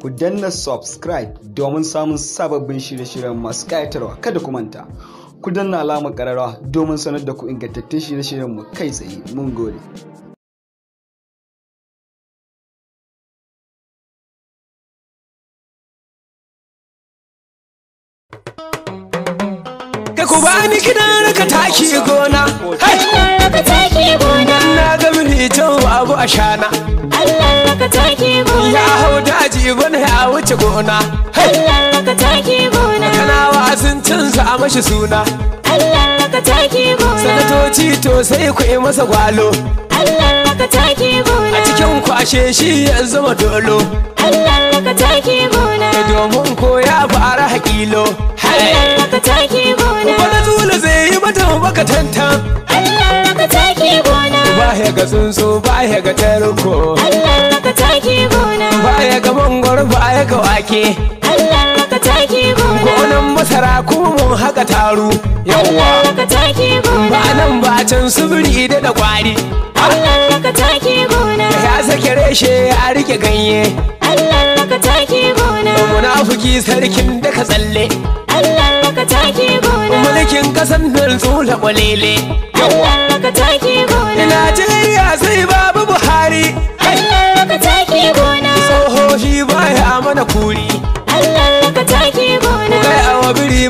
ku danna subscribe domin samun sababbin shirye-shiryen masu ƙayatarwa kada ku manta ku danna alamar ƙararwa domin sanar da ku ingantattun shirye-shiryen mu kai tsaye mun gode ku bani kidan raka taki gona hai na ga mini abu a shana ya hau daji bane ya wuce gona Allah ka taki gona kana wasin canza a mashi suna Allah ka taki gona sanatoci to sai ku yi masa gwalo Allah ka taki gona a cikin kwashe shi ya zama dolo Allah ka taki gona eh, domin ko ya fara hakilo Allah ka taki gona ko na dole zai yi mata baka tantan Allah ka taki gona ba ya ga tsuntsu ba ya ga tarko Allah ka taki ya ba gwarfa ya wake Allah ka take gobe gonan masara kuma mun haka taru yawwa ba nan ba can su biri da da kwari Allah ka take gona ya sake reshe ya rike ganye Allah ka take gona munafiki sarkin da ka tsalle Allah ka take gona mulkin kasan nan tsula kwalele yawwa ka take gona ya sai babu Buhari Allah ka take gona tsoho shi baya mana kuri Allah ka take gona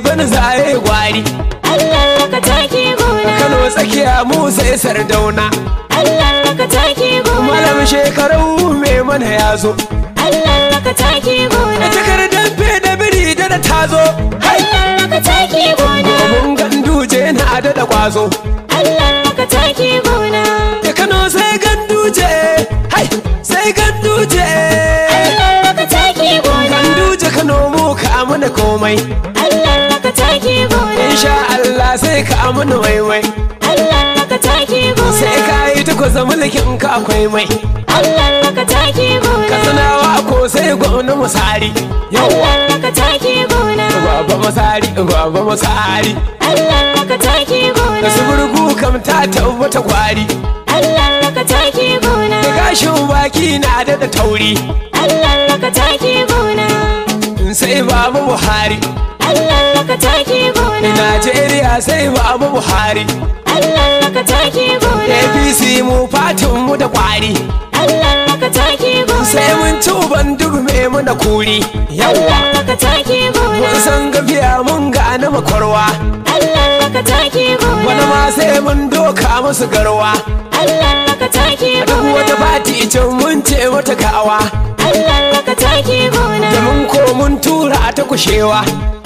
ban zaye gwari Allah ka take gona Kano tsakiya mu sai sardauna Allah ka take gona Malam shekaru mai mana ya zo Allah ka take gona Takardar da biri da ta zo Allah ka take gona Mun je na adada kwazo Allah ka take gona Da Kano sai ganduje hai sai ganduje Allah ka take gona Ganduje Kano mu ka mana komai Allah take gona insha Allah sai ka amuna waiwai Allah ka take gona sai ka yi tukuza mulkin ka akwai mai Allah ka take gona ka sanawa ko sai gona musari yawa ka take gona baba musari baba musari Allah ka take gona ka suburgu kam ta tabbata kwari Allah ka take gona ka gashin baki na da tauri Allah ka take gona sai babu buhari allah ka take gona najeriya sai babu buhari allah ka take gona apc mu fatin mu da kwari allah ka take gona sai mun ci uban dugme mu da kuri yawa ka take gona mun san gafiya mun ga na makwarwa allah ka take gona wani ma sai mun doka musu garwa allah ka take gona duk wata fati can mun ce mata kawa allah taki gona da mun ko mun tura a ta kushewa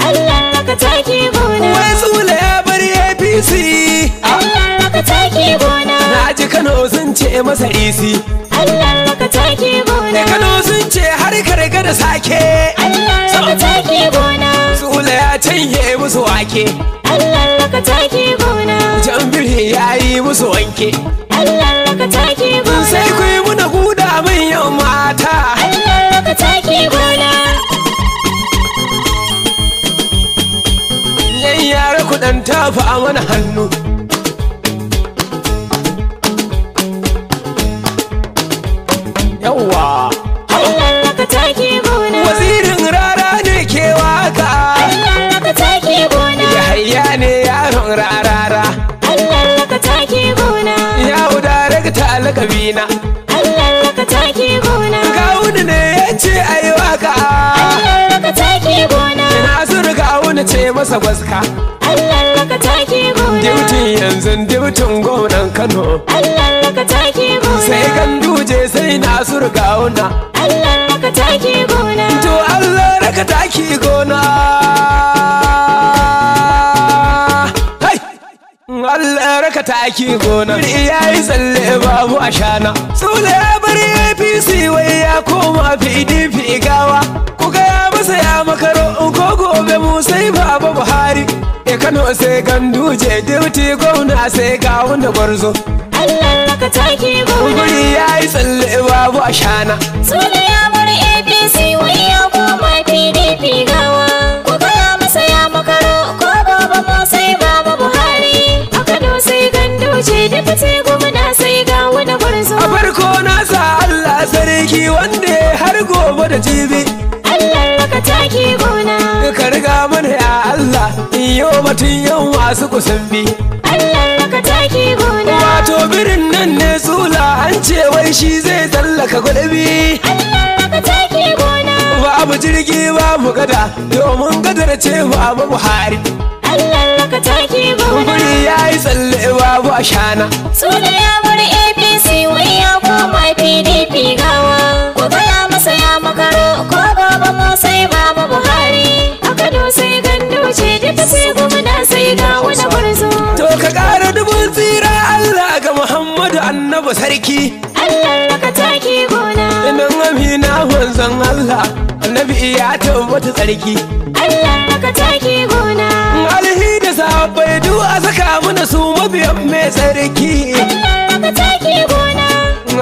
Allah ka taki gona wai tsula ya bar APC Allah ka taki gona na ji Kano sun ce masa isi e Allah ka taki gona Kano sun ce har ka riga da sake Allah ka taki gona tsula ya canye musu wake Allah ka taki gona jambiri ya yi musu wanke Allah ka taki gona sai ku yi muna huda manyan mata Allah ke kwana yayi tafi a mana hannu yawwa gona wazirin rara ne ke waka Allah ka gona ya hayya ne yaron rarara Allah ka take gona ya ta alƙabina Allah ka take gona ne gona Ina asirka auna ce masa gwaska Allah laka take gona Dutin yanzu dutin gonan Kano Allah laka take gona Sai kan duje sai na asirka auna Allah laka take gona To Allah laka take gona Allah raka taki gona Biri ya yi tsalle babu a shana Sule ya bari APC wai ya koma PDP gawa masa ya makaro ko gobe mu sai baba buhari e kano sai ganduje duty gwamna sai gawun da gwarzo allah raka taki gwamna guri ya yi tsalle babu a shana suna ya bar apc wai ya koma pdp gawa ku gaya masa ya makaro ko gobe mu sai baba buhari a kano sai ganduje duty gwamna sai gawun da gwarzo a farko na sa allah sarki wanda har gobe da jibi ka taki gona ka riga mana ya Allah yau batun yau masu bi Allah ka taki gona wato birin nan ne tsula an ce wai shi zai tsallaka gudumi Allah ka taki gona babu jirgi babu gada domin gadar ce babu Buhari Allah ka taki gona buri yi tsalle babu ashana sula ya bar APC wai ya koma PDP gawa ko ya masa ya makaro ko ba sai baba buhari a kano sai gando ce duka sai na sai ga wani gwarzo to ka ƙara dubun tsira allah ga muhammadu annabi sarki allah ka taki gona inan amina wanzan allah annabi iya tabbata tsarki allah ka taki gona alhi da sabai duk a saka mana su mabiyan mai tsarki allah raka taki gona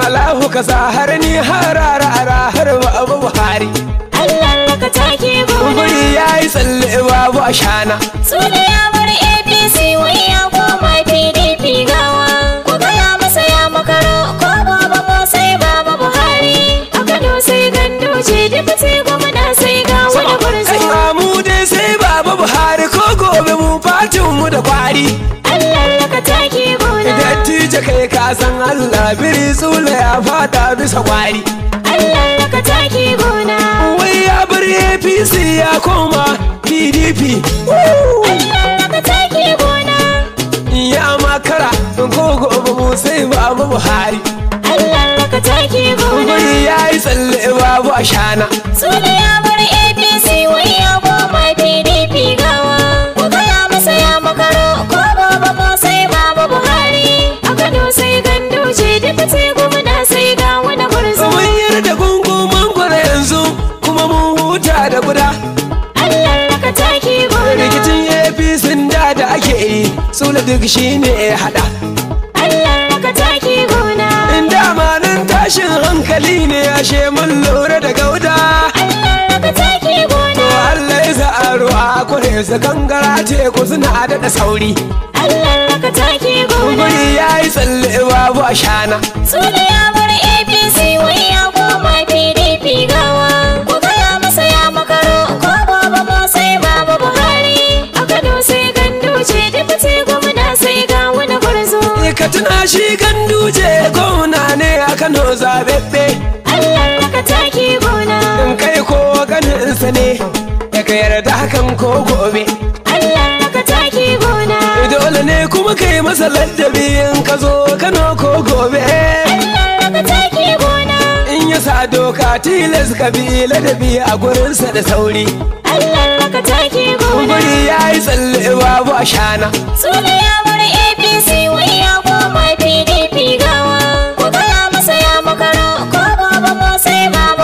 Allahu ka sa har ni harara har wa abu Buhari. Allah ka take gona Kuburi ya yi tsalle babu a shana Sule ya bar APC wai ya koma PDP gawa Ku gaya masa ya makaro ko baba ko sai baba Buhari A Kano sai ganduje duk sai gwamna sai ga wani gurzo Ai mu dai sai baba Buhari ko gobe mu fatin mu da kwari Allah ce kai ka san Allah biri tsula ya fata bisa kwari Allah ya ka taki gona wai ya bar APC ya koma PDP Allah ya ka taki gona ya makara ko gobe mu sai babu Buhari Allah ya ka taki gona wai ya yi tsalle babu ashana tsula sule duk shi ne ya haɗa Allah raka taki gona in tashin hankali ne she mun lura da gauda Allah raka taki gona Allah ya za a ruwa kure su gangara teku suna adada sauri Allah raka taki gona Guri ya yi tsalle babu a shana Sule ya bar APC wai ya koma PDP gawa shi ganduje gona ne a Kano zababbe. Allah ka taki gona. In kai ko ganinsa ne, ya ka yarda hakan ko gobe. Allah ka taki gona. Dole ne kuma kai masa ladabi in ka zo Kano ko gobe. Allah ka taki gona. In ya sa doka tilas ka bi ladabi a gurinsa da sauri. Allah ka taki gona. Kumburi ya yi tsalle babu a shana. ya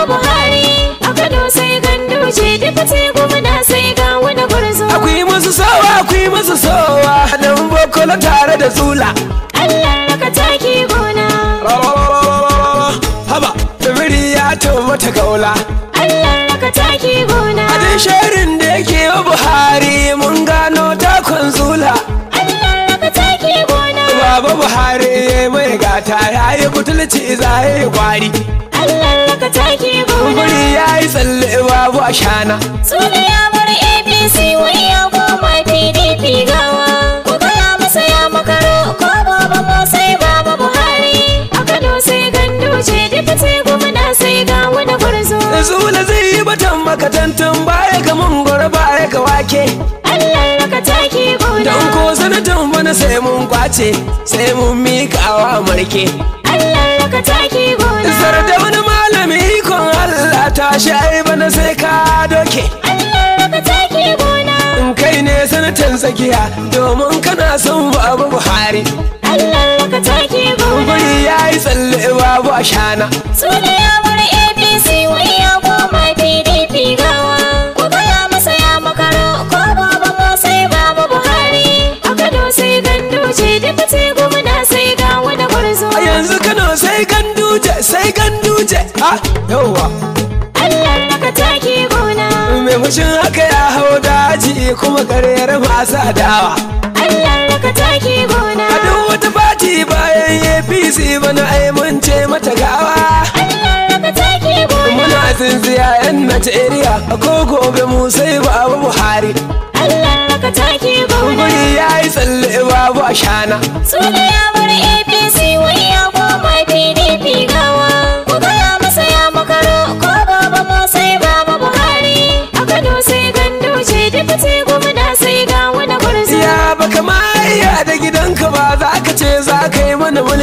buhari a kano sai ganduje dipute gwamna sai ga wani gwarzo akwai musu sowa, akwai musu sawa dan bokolo tare da zula allah raka taki gona haba tsibiri ya ce mata gaula allah raka taki gona a duk sharin da yake wa buhari mun gano takon zula allah raka taki gona baba buhari mai gata ya yi butulci za yi kwari allah saka taki gona Guri ya yi tsalle babu a shana Sule ya bar APC wai ya koma PDP gawa Ku gaya masa ya makaro ko baba mu sai baba Buhari A Kano sai ganduje duka sai gwamna sai ga wani gwarzo Sule zai yi batan makatantan baya ga mangoro baya ga wake Allah raka taki gona Don ko sanatan bana sai mun kwace sai mun mikawa marke Allah saka taki gona sarda wani malami ikon Allah tashi ai bana sai ka doke Allah ka taki gona in kai ne sanatan tsakiya domin kana son babu Buhari Allah ka taki gona ya yi tsalle babu ashana sune ya bar APC wai wuce a yauwa Allah taki gona mai mushin haka ya hau daji kuma karyar masu adawa Allah maka taki gona a duk wata fati bayan APC bana ai mun ce mata gawa Allah maka taki gona muna tsintsiya yan Najeriya ko gobe mu sai babu Buhari Allah maka taki gona guri yayi tsalle babu ashana suna ya bar APC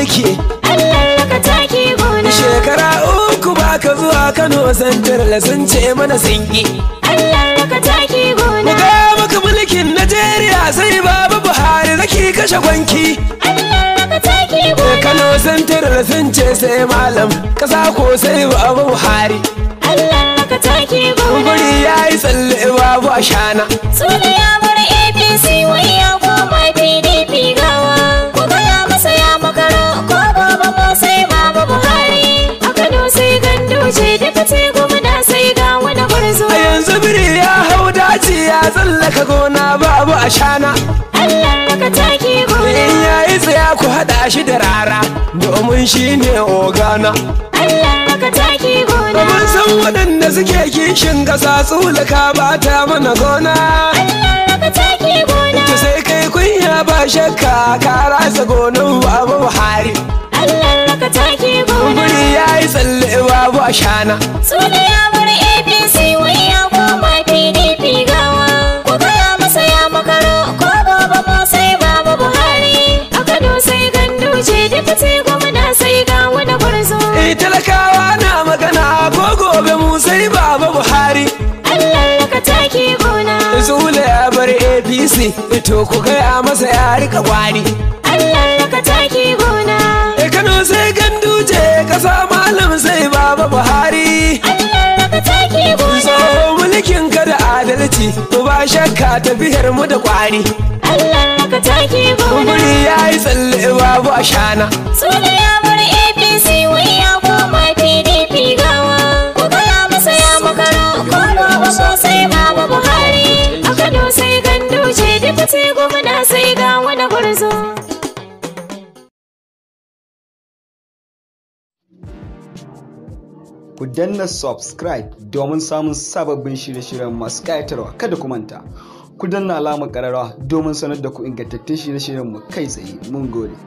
nake taki gona shekara uku ba ka zuwa Kano santar la sun ce mana sun yi Allah taki gona ga maka mulkin Najeriya sai babu Buhari zaki kashe gwanki Allah taki gona Kano santar la sun ce sai malam kasa ko sai baba Buhari Allah ka taki gona yayi tsalle babu ashana suna ya bar tsibiri ya hau daji ya tsallaka gona babu a shana Allah taki gona in yayi tsaya ku haɗa shi da rara domin shi ne ogana Allah taki gona mun san waɗanda suke kishin ƙasa tsulaka ba ta mana gona Allah taki gona ta sai kai kunya ba shakka ka rasa gonan babu Buhari Allah ka taki gona ya yi tsalle babu a shana sisi ito ku gaya masa ya rika kwari Allah ka taki gona e Kano sai ganduje kasa malam sai baba Buhari Allah taki so mulkin ka da adalci to ba shakka tafiyar mu da kwari Allah ka taki gona ya yayi tsalle babu ashana ya ku danna subscribe domin samun sababbin shirye-shiryen masu kayatarwa. kada ku manta ku danna alamar kararrawa domin sanar da ku ingantattun shirye-shiryen mu kai tsaye mun gode